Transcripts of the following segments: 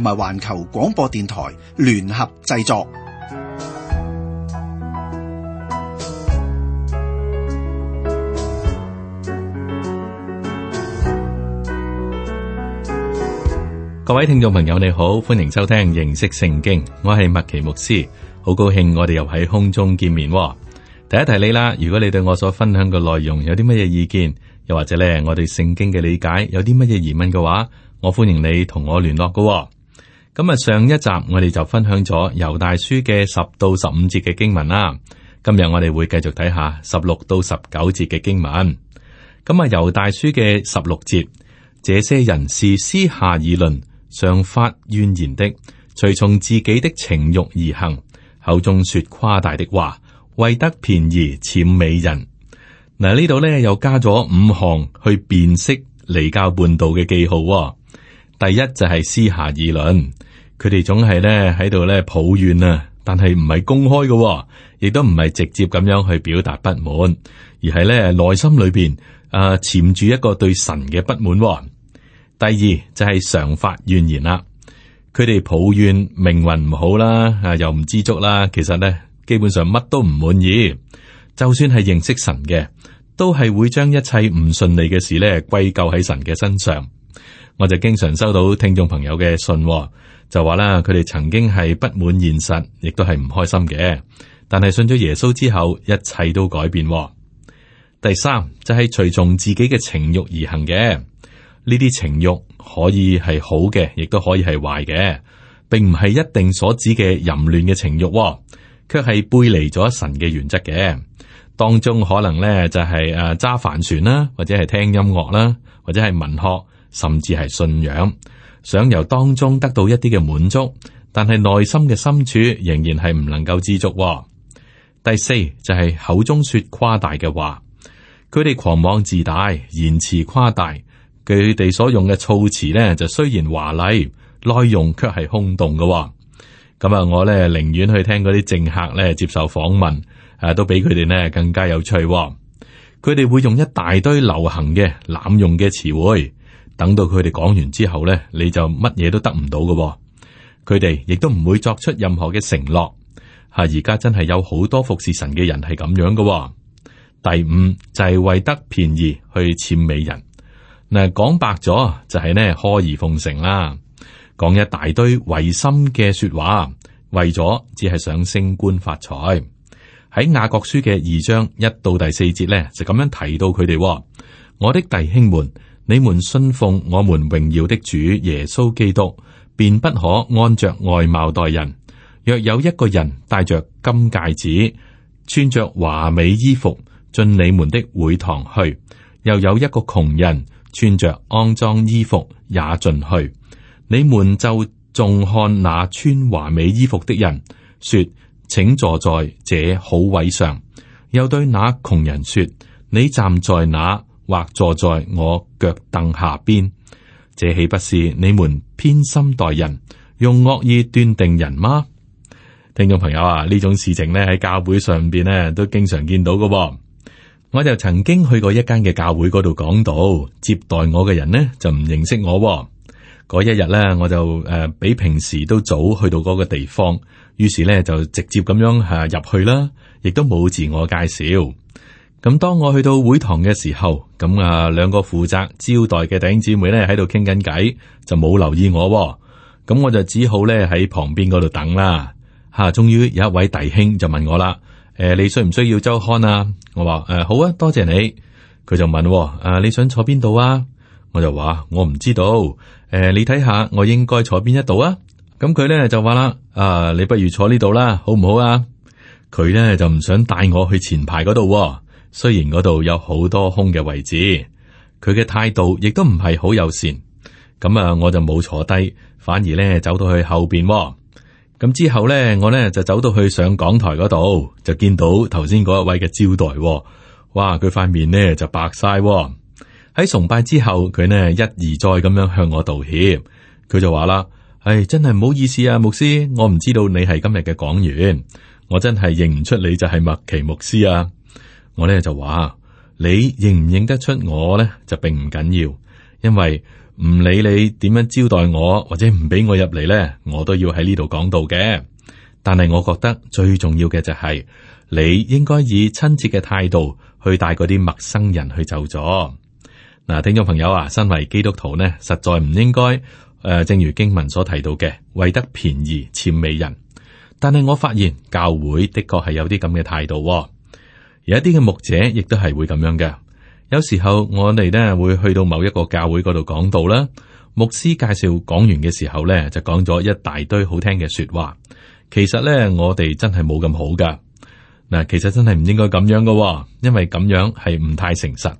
同埋環球廣播電台聯合製作。各位聽眾朋友，你好，歡迎收聽認識聖經。我係麥奇牧師，好高興我哋又喺空中見面。提一提你啦，如果你對我所分享嘅內容有啲乜嘢意見，又或者咧我哋聖經嘅理解有啲乜嘢疑問嘅話，我歡迎你同我聯絡㗎。咁啊，上一集我哋就分享咗猶大書嘅十到十五節嘅經文啦。今日我哋會繼續睇下十六到十九節嘅經文。咁啊，猶大書嘅十六節，這些人是私下議論、常發怨言的，隨從自己的情欲而行，口中說誇大的話，為得便宜、諂媚人。嗱、啊，呢度呢又加咗五項去辨識離教叛道嘅記號、哦。第一就係私下議論。佢哋總係咧喺度咧抱怨啊，但係唔係公開嘅，亦都唔係直接咁樣去表達不滿，而係咧內心裏邊誒，潛住一個對神嘅不滿。第二就係常發怨言啦，佢哋抱怨命運唔好啦，啊又唔知足啦，其實咧基本上乜都唔滿意，就算係認識神嘅，都係會將一切唔順利嘅事咧歸咎喺神嘅身上。我就經常收到聽眾朋友嘅信。就話啦，佢哋曾經係不滿現實，亦都係唔開心嘅。但係信咗耶穌之後，一切都改變。第三就係隨從自己嘅情欲而行嘅，呢啲情欲可以係好嘅，亦都可以係壞嘅，並唔係一定所指嘅淫亂嘅情欲，卻係背離咗神嘅原則嘅。當中可能咧就係誒揸帆船啦，或者係聽音樂啦，或者係文學，甚至係信仰。想由當中得到一啲嘅滿足，但係內心嘅深處仍然係唔能夠知足、哦。第四就係、是、口中說誇大嘅話，佢哋狂妄自大，言辭誇大，佢哋所用嘅措辭呢，就雖然華麗，內容卻係空洞嘅、哦。咁、嗯、啊，我呢寧願去聽嗰啲政客呢接受訪問，誒、啊，都比佢哋呢更加有趣、哦。佢哋會用一大堆流行嘅濫用嘅詞彙。等到佢哋講完之後咧，你就乜嘢都得唔到嘅、哦。佢哋亦都唔會作出任何嘅承諾。吓，而家真係有好多服侍神嘅人係咁樣嘅、哦。第五就係、是、為得便宜去諂媚人。嗱，講白咗就係呢，阿諛奉承啦，講一大堆違心嘅說話，為咗只係想升官發財。喺雅各書嘅二章一到第四節咧，就咁樣提到佢哋、哦。我的弟兄們。你們信奉我們榮耀的主耶穌基督，便不可按着外貌待人。若有一個人帶着金戒指，穿着華美衣服進你們的會堂去，又有一個窮人穿着骯髒衣服也進去，你們就重看那穿華美衣服的人，說：請坐在這好位上。又對那窮人說：你站在那。或坐在我腳凳下邊，這豈不是你們偏心待人，用惡意斷定人嗎？聽眾朋友啊，呢種事情咧喺教會上邊咧都經常見到噶。我就曾經去過一間嘅教會嗰度講道，接待我嘅人呢，就唔認識我。嗰一日呢，我就誒比平時都早去到嗰個地方，於是呢，就直接咁樣吓入去啦，亦都冇自我介紹。咁當我去到會堂嘅時候，咁啊兩個負責招待嘅弟兄姊妹咧喺度傾緊偈，就冇留意我。咁我就只好咧喺旁邊嗰度等啦。吓，終於有一位弟兄就問我啦：，誒，你需唔需要周刊啊？我話：誒、啊，好啊，多謝你。佢就問：，啊，你想坐邊度啊？我就話：我唔知道。誒、啊，你睇下我應該坐邊一度啊？咁佢咧就話啦：，啊，你不如坐呢度啦，好唔好啊？佢咧就唔想帶我去前排嗰度。雖然嗰度有好多空嘅位置，佢嘅態度亦都唔係好友善。咁啊，我就冇坐低，反而咧走到去後邊。咁之後咧，我咧就走到去上講台嗰度，就見到頭先嗰一位嘅招待。哇，佢塊面咧就白晒。喺崇拜之後，佢呢一而再咁樣向我道歉。佢就話啦：，唉、哎，真係唔好意思啊，牧師，我唔知道你係今日嘅講員，我真係認唔出你就係麥奇牧師啊。我咧就話，你認唔認得出我咧就並唔緊要，因為唔理你點樣招待我或者唔俾我入嚟咧，我都要喺呢度講道嘅。但係我覺得最重要嘅就係、是，你應該以親切嘅態度去帶嗰啲陌生人去就座。嗱，聽眾朋友啊，身為基督徒呢，實在唔應該誒、呃，正如經文所提到嘅，為得便宜諂媚人。但係我發現教會的確係有啲咁嘅態度、哦。有一啲嘅牧者亦都係會咁樣嘅。有時候我哋咧會去到某一個教會嗰度講道啦，牧師介紹講完嘅時候咧就講咗一大堆好聽嘅說話。其實咧我哋真係冇咁好噶。嗱，其實真係唔應該咁樣噶，因為咁樣係唔太誠實。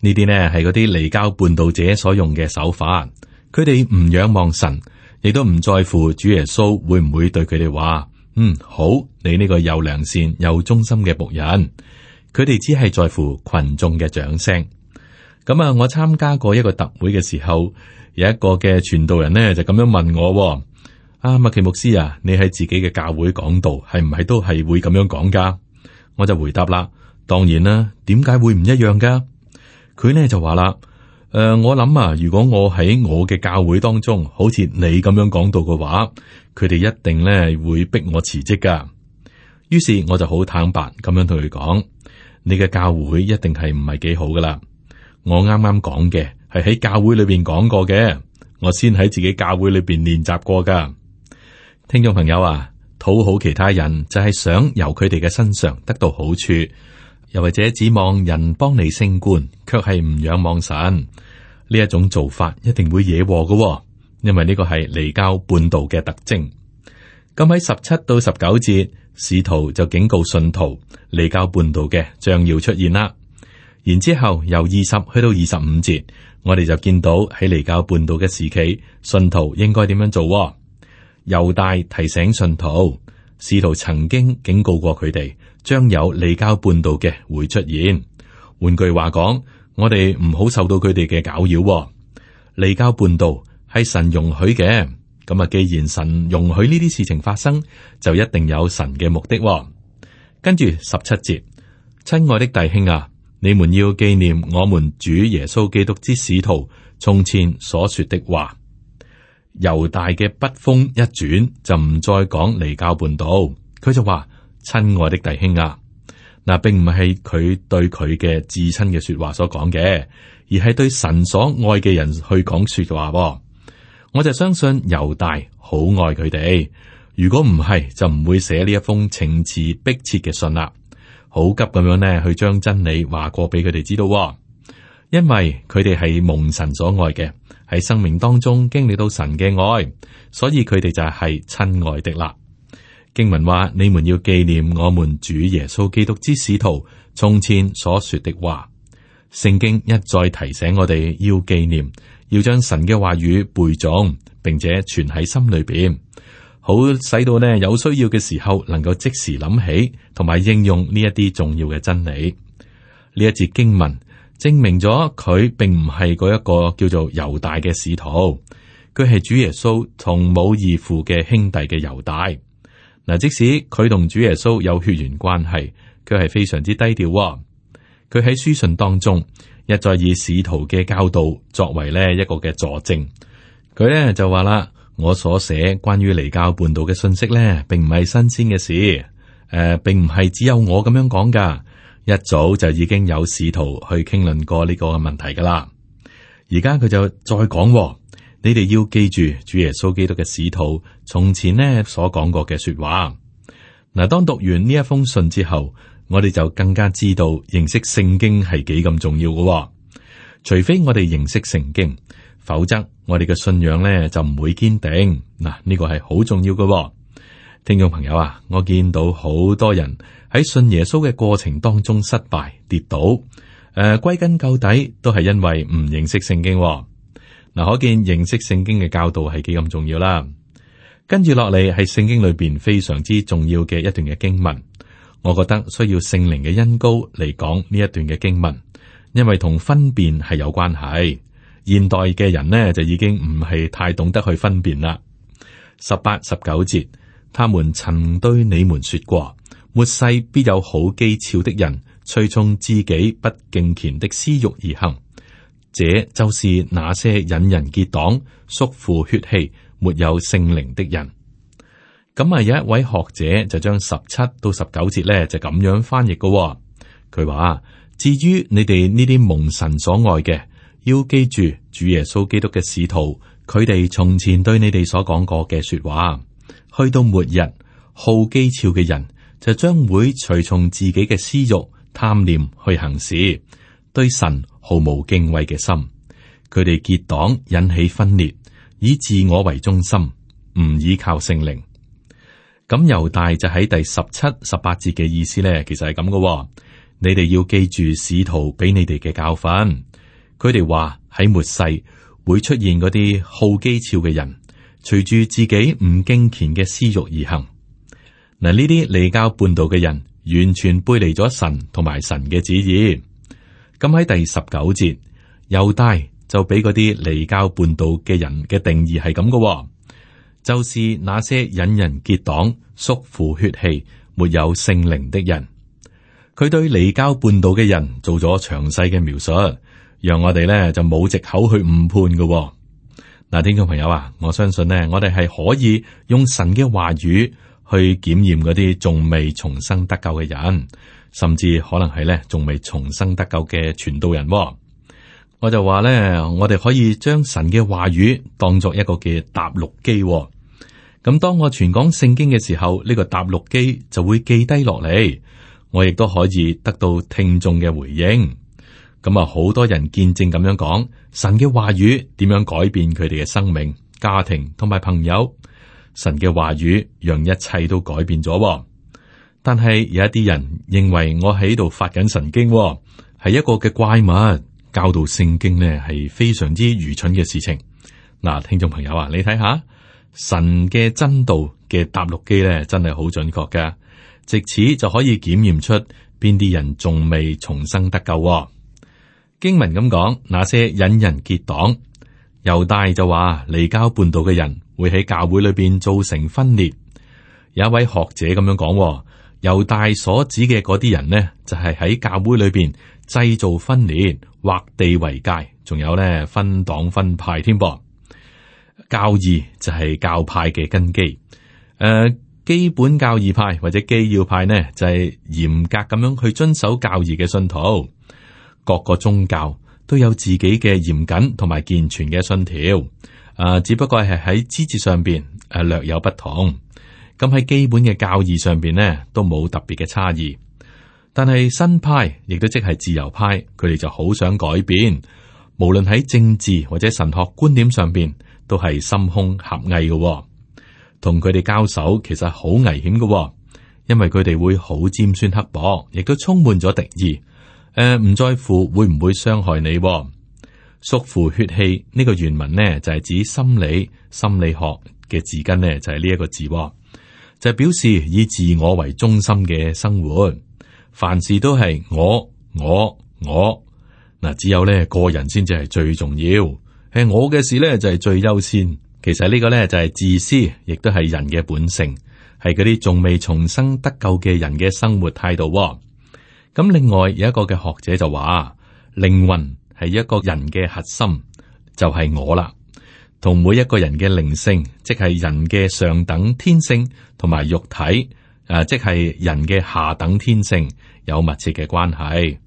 呢啲呢係嗰啲離教叛道者所用嘅手法。佢哋唔仰望神，亦都唔在乎主耶穌會唔會對佢哋話：嗯，好，你呢個又良善又忠心嘅僕人。佢哋只係在乎群眾嘅掌聲。咁啊，我參加過一個特會嘅時候，有一個嘅傳道人咧就咁樣問我，啊，麥奇牧師啊，你喺自己嘅教會講道係唔係都係會咁樣講噶？我就回答啦，當然啦，點解會唔一樣噶？佢咧就話啦，誒、呃，我諗啊，如果我喺我嘅教會當中，好似你咁樣講道嘅話，佢哋一定咧會逼我辭職噶。於是我就好坦白咁樣同佢講。你嘅教會一定係唔係幾好噶啦？我啱啱講嘅係喺教會裏邊講過嘅，我先喺自己教會裏邊練習過噶。聽眾朋友啊，討好其他人就係想由佢哋嘅身上得到好處，又或者指望人幫你升官，卻係唔仰望神。呢一種做法，一定會惹禍噶。因為呢個係離教叛道嘅特徵。咁喺十七到十九節。使徒就警告信徒，離教叛道嘅將要出現啦。然之後由二十去到二十五節，我哋就見到喺離教叛道嘅時期，信徒應該點樣做，哦？猶大提醒信徒，使徒曾經警告過佢哋，將有離教叛道嘅會出現。換句話講，我哋唔好受到佢哋嘅攪擾，哦。離教叛道係神容許嘅。咁啊！既然神容許呢啲事情發生，就一定有神嘅目的喎。跟住十七節，親愛的弟兄啊，你們要紀念我們主耶穌基督之使徒從前所說的話。猶大嘅筆鋒一轉就唔再講離經叛道，佢就話：親愛嘅弟兄啊，嗱，並唔係佢對佢嘅至親嘅說話所講嘅，而係對神所愛嘅人去講說話。我就相信猶大好愛佢哋，如果唔係就唔會寫呢一封情詞逼切嘅信啦，好急咁樣呢，去將真理話過俾佢哋知道，因為佢哋係蒙神所愛嘅，喺生命當中經歷到神嘅愛，所以佢哋就係親愛的啦。經文話：你們要紀念我們主耶穌基督之使徒從前所說的話。聖經一再提醒我哋要紀念。要將神嘅話語背誦，並且存喺心裏邊，好使到呢有需要嘅時候能夠即時諗起，同埋應用呢一啲重要嘅真理。呢一節經文證明咗佢並唔係嗰一個叫做猶大嘅使徒，佢係主耶穌同母異父嘅兄弟嘅猶大。嗱，即使佢同主耶穌有血緣關係，佢係非常之低調。佢喺書信當中。一再以使徒嘅教導作為咧一個嘅佐證，佢咧就話啦：我所寫關於離教叛道嘅信息咧，並唔係新鮮嘅事，誒、呃，並唔係只有我咁樣講噶。一早就已經有使徒去傾論過呢個問題噶啦。而家佢就再講，你哋要記住主耶穌基督嘅使徒從前咧所講過嘅說話。嗱，當讀完呢一封信之後。我哋就更加知道認識聖經係幾咁重要㗎喎。除非我哋認識聖經，否則我哋嘅信仰咧就唔會堅定。嗱，呢個係好重要㗎喎。聽眾朋友啊，我見到好多人喺信耶穌嘅過程當中失敗跌倒，誒、呃，歸根究底都係因為唔認識聖經喎。嗱，可見認識聖經嘅教導係幾咁重要啦。跟住落嚟係聖經裏邊非常之重要嘅一段嘅經文。我覺得需要聖靈嘅恩膏嚟講呢一段嘅經文，因為同分辨係有關係。現代嘅人呢就已經唔係太懂得去分辨啦。十八、十九節，他們曾對你們說過：末世必有好譏誚的人，隨從自己不敬虔的私欲而行。這就是那些引人結黨、屬乎血氣、沒有聖靈的人。咁啊，有一位學者就將十七到十九節咧，就咁樣翻譯嘅喎。佢話，至於你哋呢啲蒙神所愛嘅，要記住主耶穌基督嘅使徒，佢哋從前對你哋所講過嘅說話，去到末日，好譏誚嘅人就將會隨從自己嘅私欲貪念去行事，對神毫無敬畏嘅心。佢哋結黨引起分裂，以自我為中心，唔依靠聖靈。咁猶大就喺第十七、十八節嘅意思咧，其實係咁嘅。你哋要記住使徒俾你哋嘅教訓，佢哋話喺末世會出現嗰啲好譏誚嘅人，隨住自己唔敬虔嘅私欲而行。嗱，呢啲離經叛道嘅人，完全背離咗神同埋神嘅旨意。咁喺第十九節，猶大就俾嗰啲離經叛道嘅人嘅定義係咁嘅。就是那些引人結黨、束乎血氣、沒有聖靈的人，佢對離交半島嘅人做咗詳細嘅描述，讓我哋咧就冇借口去誤判嘅、哦。嗱，聽眾朋友啊，我相信呢，我哋係可以用神嘅話語去檢驗嗰啲仲未重生得救嘅人，甚至可能係咧仲未重生得救嘅傳道人、哦。我就話咧，我哋可以將神嘅話語當作一個嘅答錄機、哦。咁當我傳講聖經嘅時候，呢個答錄機就會記低落嚟，我亦都可以得到聽眾嘅回應。咁啊，好多人見證咁樣講神嘅話語點樣改變佢哋嘅生命、家庭同埋朋友。神嘅話語讓一切都改變咗。但係有一啲人認為我喺度發緊神經，係一個嘅怪物，教導聖經呢係非常之愚蠢嘅事情。嗱，聽眾朋友啊，你睇下。神嘅真道嘅答錄機咧，真係好準確噶，借此就可以檢驗出邊啲人仲未重生得救啊。經文咁講，那些引人結黨，猶大就話離交叛道嘅人會喺教會裏邊造成分裂。有一位學者咁樣講，猶大所指嘅嗰啲人呢，就係、是、喺教會裏邊製造分裂、劃地為界，仲有呢分黨分派添噃。教義就係教派嘅根基。誒、呃，基本教義派或者基要派呢，就係、是、嚴格咁樣去遵守教義嘅信徒。各個宗教都有自己嘅嚴謹同埋健全嘅信條。誒、呃，只不過係喺資質上邊誒、呃、略有不同。咁喺基本嘅教義上邊呢，都冇特別嘅差異。但係新派亦都即係自由派，佢哋就好想改變，無論喺政治或者神學觀點上邊。都係心胸狹隘嘅，同佢哋交手其實好危險嘅、哦，因為佢哋會好尖酸刻薄，亦都充滿咗敵意。誒、呃，唔在乎會唔會傷害你、哦，屬乎血氣呢、這個原文咧就係、是、指心理心理學嘅字根咧就係呢一個字、哦，就是、表示以自我為中心嘅生活，凡事都係我我我，嗱只有咧個人先至係最重要。係我嘅事咧，就係最優先。其實呢個咧就係自私，亦都係人嘅本性，係嗰啲仲未重生得救嘅人嘅生活態度。咁另外有一個嘅學者就話，靈魂係一個人嘅核心，就係我啦。同每一個人嘅靈性，即係人嘅上等天性，同埋肉體，誒，即係人嘅下等天性，有密切嘅關係。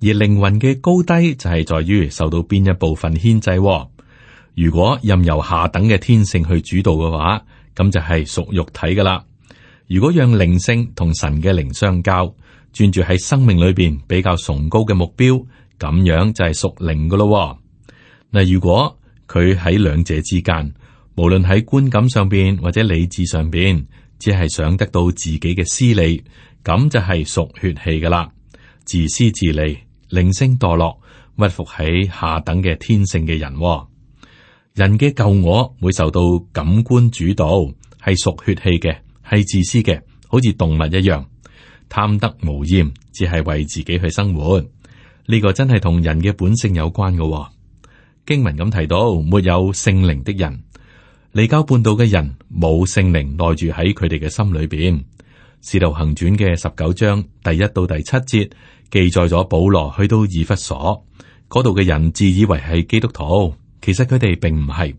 而靈魂嘅高低就係在於受到邊一部分牽制哦。如果任由下等嘅天性去主導嘅話，咁就係屬肉體噶啦。如果讓靈性同神嘅靈相交，專注喺生命裏邊比較崇高嘅目標，咁樣就係屬靈噶咯。嗱，如果佢喺兩者之間，無論喺觀感上邊或者理智上邊，只係想得到自己嘅私利，咁就係屬血氣噶啦。自私自利、靈性墮落、屈服喺下等嘅天性嘅人、哦，人嘅舊我會受到感官主導，係屬血氣嘅，係自私嘅，好似動物一樣，貪得無厭，只係為自己去生活。呢、這個真係同人嘅本性有關嘅、哦。經文咁提到，沒有聖靈的人，離經叛道嘅人冇聖靈內住喺佢哋嘅心裏邊。使徒行傳嘅十九章第一到第七節記載咗保羅去到以弗所，嗰度嘅人自以為係基督徒，其實佢哋並唔係，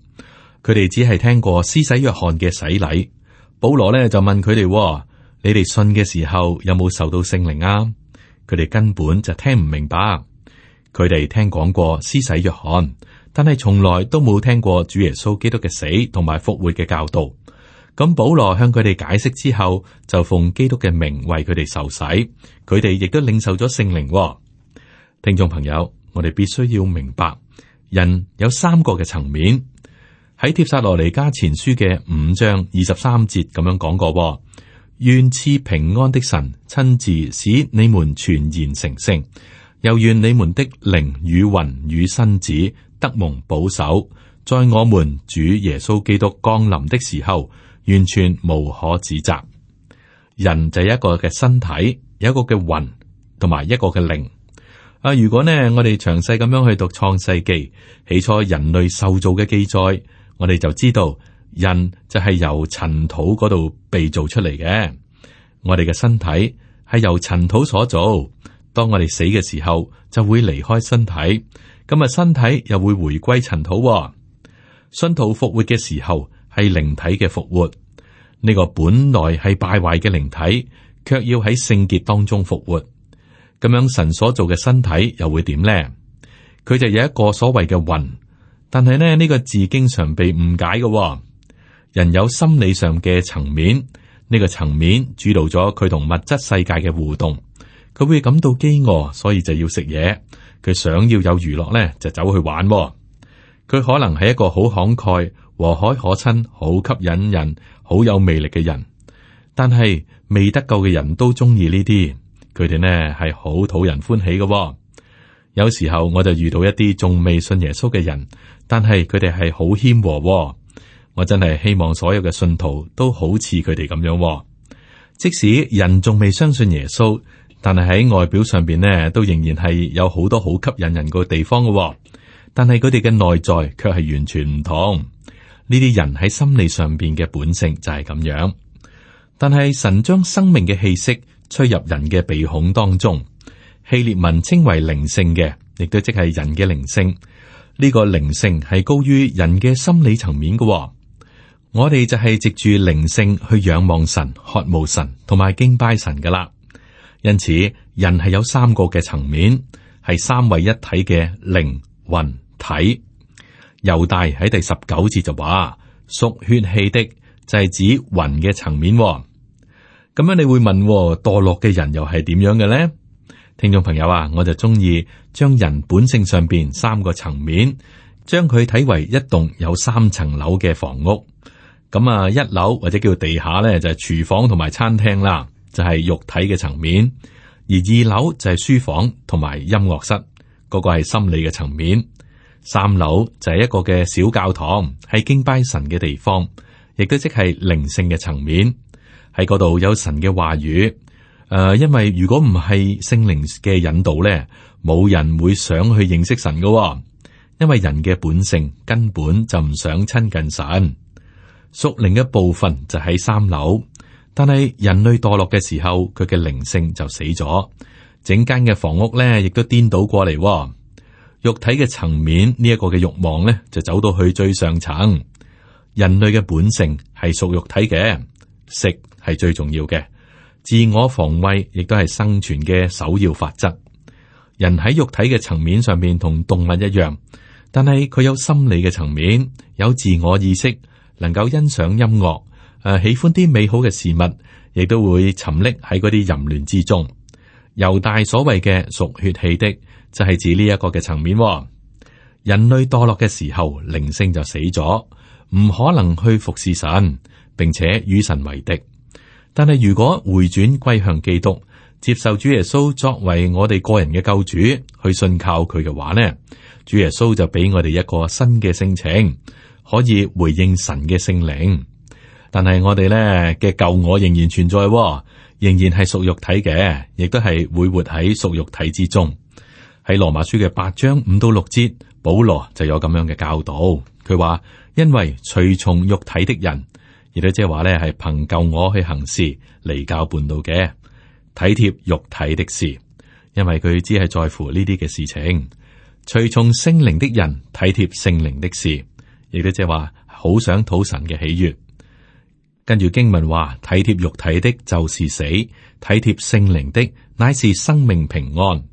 佢哋只係聽過施洗約翰嘅洗禮。保羅咧就問佢哋：你哋信嘅時候有冇受到聖靈啊？佢哋根本就聽唔明白。佢哋聽講過施洗約翰，但係從來都冇聽過主耶穌基督嘅死同埋復活嘅教導。咁保羅向佢哋解釋之後，就奉基督嘅名為佢哋受洗，佢哋亦都領受咗聖靈。聽眾朋友，我哋必須要明白，人有三個嘅層面，喺帖撒羅尼加前書嘅五章二十三節咁樣講過、哦：願賜平安的神親自使你們全然成聖，又願你們的靈與魂與身子得蒙保守，在我們主耶穌基督降臨的時候，完全無可指責。人就係一個嘅身體，有一個嘅魂，同埋一個嘅靈。啊，如果呢，我哋詳細咁樣去讀創世記，起初人類受造嘅記載，我哋就知道人就係由塵土嗰度被造出嚟嘅。我哋嘅身體係由塵土所造。當我哋死嘅時候，就會離開身體。咁啊身體又會回歸塵土，哦。信徒復活嘅時候，係靈體嘅復活，呢、這個本來係敗壞嘅靈體，卻要喺聖潔當中復活。咁樣神所做嘅身體又會點呢？佢就有一個所謂嘅魂，但係呢呢、這個字經常被誤解嘅、哦。人有心理上嘅層面，呢、這個層面主導咗佢同物質世界嘅互動。佢會感到飢餓，所以就要食嘢。佢想要有娛樂呢，就走去玩、哦。佢可能係一個好慷慨。和藹可親，好吸引人，好有魅力嘅人。但係未得救嘅人都中意呢啲。佢哋呢係好討人歡喜嘅喎。有時候我就遇到一啲仲未信耶穌嘅人，但係佢哋係好謙和喎。我真係希望所有嘅信徒都好似佢哋咁樣喎。即使人仲未相信耶穌，但係喺外表上邊呢，都仍然係有好多好吸引人個地方嘅喎。但係佢哋嘅內在卻係完全唔同。呢啲人喺心理上邊嘅本性就係咁樣，但係神將生命嘅氣息吹入人嘅鼻孔當中，希列文稱為靈性嘅，亦都即係人嘅靈性。呢、呢個靈性係高於人嘅心理層面嘅，哦。我哋就係藉住靈性去仰望神，渴慕神同埋敬拜神噶啦。因此，人係有三個嘅層面，係三位一體嘅靈、魂、體。猶大喺第十九節就話，屬血氣的就係指魂嘅層面，咁樣你會問墮、哦、落嘅人又係點樣嘅咧？聽眾朋友啊，我就中意將人本性上面三個層面，將佢睇為一棟有三層樓嘅房屋。咁啊，一樓或者叫地下咧就係廚房同埋餐廳啦，就係、是就是、肉體嘅層面；而二樓就係書房同埋音樂室，嗰、那個係心理嘅層面。三樓就係一個嘅小教堂，係敬拜神嘅地方，亦都即係靈性嘅層面。喺嗰度有神嘅話語。誒、呃，因為如果唔係聖靈嘅引導咧，冇人會想去認識神㗎。因為人嘅本性根本就唔想親近神。屬靈嘅部分就喺三樓，但係人類墮落嘅時候，佢嘅靈性就死咗。整間嘅房屋咧，亦都顛倒過嚟。肉體嘅層面呢一，這個嘅慾望咧，就走到去最上層。人類嘅本性係屬肉體嘅，食係最重要嘅，自我防衛亦都係生存嘅首要法則。人喺肉體嘅層面上面同動物一樣，但係佢有心理嘅層面，有自我意識，能夠欣賞音樂，誒、呃、喜歡啲美好嘅事物，亦都會沉溺喺嗰啲淫亂之中。猶大所謂嘅屬血氣的，就係指呢一個嘅層面。人類墮落嘅時候，靈性就死咗，唔可能去服侍神，並且與神為敵。但係如果回轉歸向基督，接受主耶穌作為我哋個人嘅救主，去信靠佢嘅話呢，主耶穌就俾我哋一個新嘅性情，可以回應神嘅聖靈。但係我哋呢嘅舊我仍然存在。仍然係屬肉體嘅，亦都係會活喺屬肉體之中。喺羅馬書嘅八章五到六節，保羅就有咁樣嘅教導。佢話：因為隨從肉體的人，亦都即係話咧係憑舊我去行事，離經叛道嘅，體貼肉體的事，因為佢只係在乎呢啲嘅事情。隨從聖靈的人，體貼聖靈的事，亦都即係話好想討神嘅喜悦。跟住經文話，體貼肉體的，就是死；體貼聖靈的，乃是生命平安。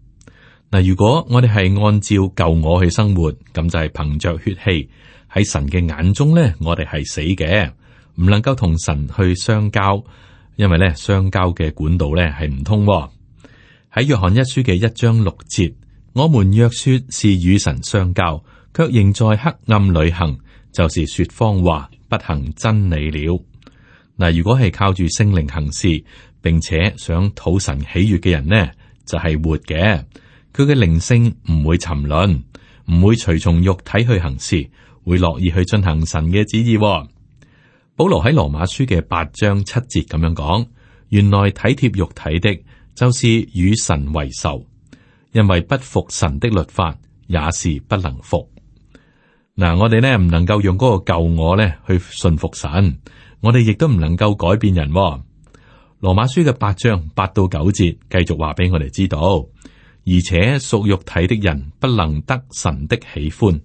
嗱，如果我哋係按照舊我去生活，咁就係憑着血氣，喺神嘅眼中咧，我哋係死嘅，唔能夠同神去相交，因為咧，相交嘅管道咧係唔通喎。喺約翰一書嘅一章六節，我們若說是與神相交，卻仍在黑暗旅行，就是說謊話，不行真理了。嗱，如果係靠住聖靈行事，並且想討神喜悦嘅人呢，就係、是、活嘅。佢嘅靈性唔會沉淪，唔會隨從肉體去行事，會樂意去進行神嘅旨意、哦。保羅喺羅馬書嘅八章七節咁樣講：原來體貼肉體的，就是與神為仇，因為不服神的律法也是不能服。嗱、嗯，我哋呢唔能夠用嗰個舊我呢去信服神。我哋亦都唔能夠改變人、哦。羅馬書嘅八章八到九節繼續話俾我哋知道，而且屬肉體的人不能得神的喜歡。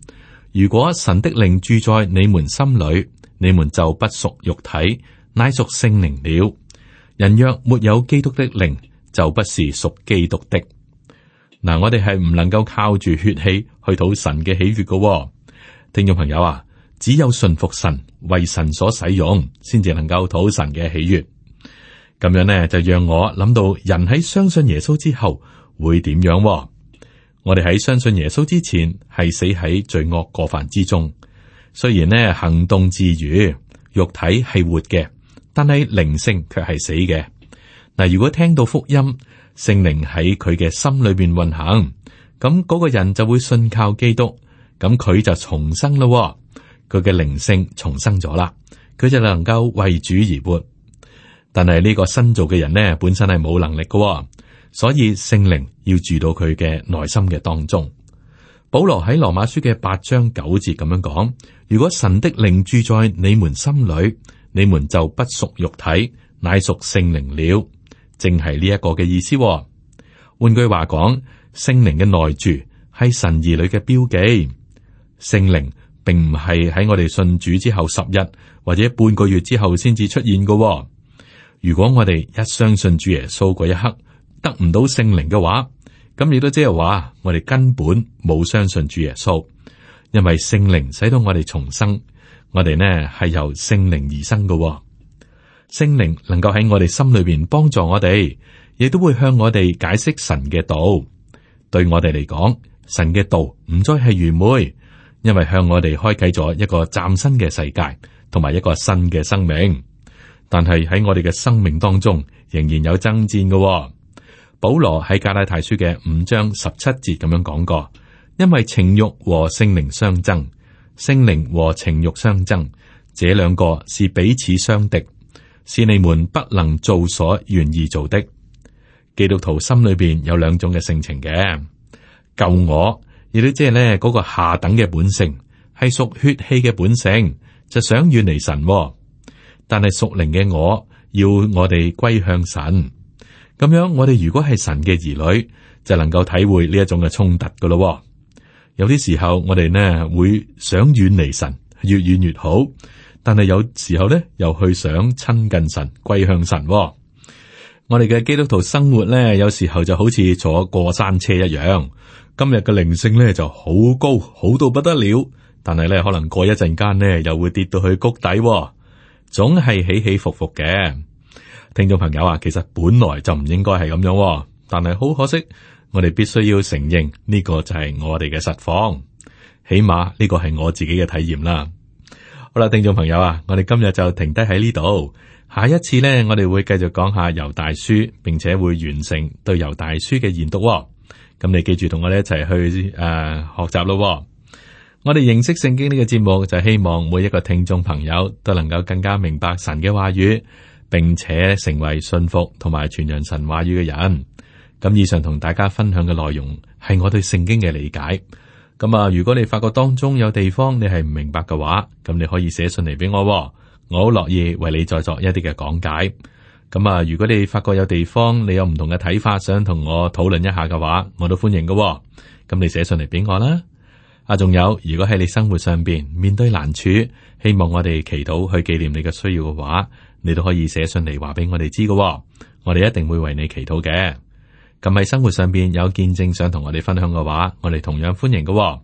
如果神的靈住在你們心裏，你們就不屬肉體，乃屬聖靈了。人若沒有基督的靈，就不是屬基督的。嗱，我哋係唔能夠靠住血氣去討神嘅喜悦嘅、哦。聽眾朋友啊！只有順服神，為神所使用，先至能夠討神嘅喜悅。咁樣呢就讓我諗到人喺相信耶穌之後會點樣。我哋喺相信耶穌之前係死喺罪惡過犯之中，雖然呢行動自如，肉體係活嘅，但係靈性卻係死嘅。嗱，如果聽到福音，聖靈喺佢嘅心裏邊運行，咁嗰個人就會信靠基督，咁佢就重生咯。佢嘅靈性重生咗啦，佢就能夠為主而活。但係呢個新造嘅人呢，本身係冇能力嘅，所以聖靈要住到佢嘅內心嘅當中。保羅喺羅馬書嘅八章九節咁樣講：如果神的靈住在你們心裏，你們就不屬肉體，乃屬聖靈了。正係呢一個嘅意思。換句話講，聖靈嘅內住係神兒女嘅標記，聖靈。並唔係喺我哋信主之後十日或者半個月之後先至出現噶。哦。如果我哋一相信主耶穌嗰一刻得唔到聖靈嘅話，咁亦都即係話我哋根本冇相信主耶穌，因為聖靈使到我哋重生，我哋呢係由聖靈而生噶。哦。聖靈能夠喺我哋心裏邊幫助我哋，亦都會向我哋解釋神嘅道。對我哋嚟講，神嘅道唔再係愚昧。.因為向我哋開啟咗一個嶄新嘅世界，同埋一個新嘅生命。但係喺我哋嘅生命當中，仍然有爭戰嘅、哦。保羅喺《加拉太書》嘅五章十七節咁樣講過：因為情欲和聖靈相爭，聖靈和情欲相爭，這兩個是彼此相敵，是你們不能做所願意做的。基督徒心裡邊有兩種嘅性情嘅，舊我。而你即係咧嗰個下等嘅本性，係屬血氣嘅本性，就想遠離神、哦。但係屬靈嘅我要我哋歸向神。咁樣我哋如果係神嘅兒女，就能夠體會呢一種嘅衝突噶咯、哦。有啲時候我哋呢會想遠離神，越遠越好。但係有時候呢，又去想親近神、歸向神、哦。我哋嘅基督徒生活呢，有時候就好似坐過山車一樣。今日嘅靈性咧就好高，好到不得了，但係咧可能過一陣間咧又會跌到去谷底、哦，總係起起伏伏嘅。聽眾朋友啊，其實本來就唔應該係咁樣、哦，但係好可惜，我哋必須要承認呢個就係我哋嘅實況，起碼呢個係我自己嘅體驗啦。好啦，聽眾朋友啊，我哋今日就停低喺呢度，下一次咧我哋會繼續講下猶大書，並且會完成對猶大書嘅研讀、哦。咁你記住同我哋一齊去誒、呃、學習咯。我哋認識聖經呢個節目就希望每一個聽眾朋友都能夠更加明白神嘅話語，並且成為信服同埋傳揚神話語嘅人。咁以上同大家分享嘅內容係我對聖經嘅理解。咁啊，如果你發覺當中有地方你係唔明白嘅話，咁你可以寫信嚟俾我，我好樂意為你再作一啲嘅講解。咁啊！如果你發覺有地方你有唔同嘅睇法，想同我討論一下嘅話，我都歡迎㗎喎。咁你寫信嚟俾我啦。啊，仲有，如果喺你生活上邊面面對難處，希望我哋祈禱去紀念你嘅需要嘅話，你都可以寫信嚟話俾我哋知噶。我哋一定會為你祈禱嘅。咁喺生活上邊有見證想同我哋分享嘅話，我哋同樣歡迎㗎喎。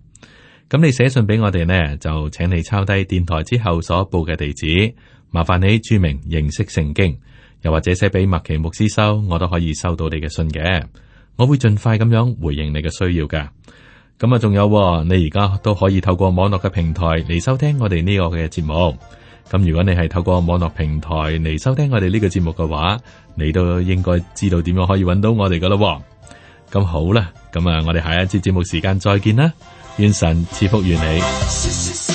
咁你寫信俾我哋呢，就請你抄低電台之後所報嘅地址，麻煩你注明認識聖經。又或者寫俾麥奇牧師收，我都可以收到你嘅信嘅，我會盡快咁樣回應你嘅需要嘅。咁啊、哦，仲有你而家都可以透過網絡嘅平台嚟收聽我哋呢個嘅節目。咁如果你係透過網絡平台嚟收聽我哋呢個節目嘅話，你都應該知道點樣可以搵到我哋噶啦。咁好啦，咁啊，我哋下一節節目時間再見啦，願神賜福與你。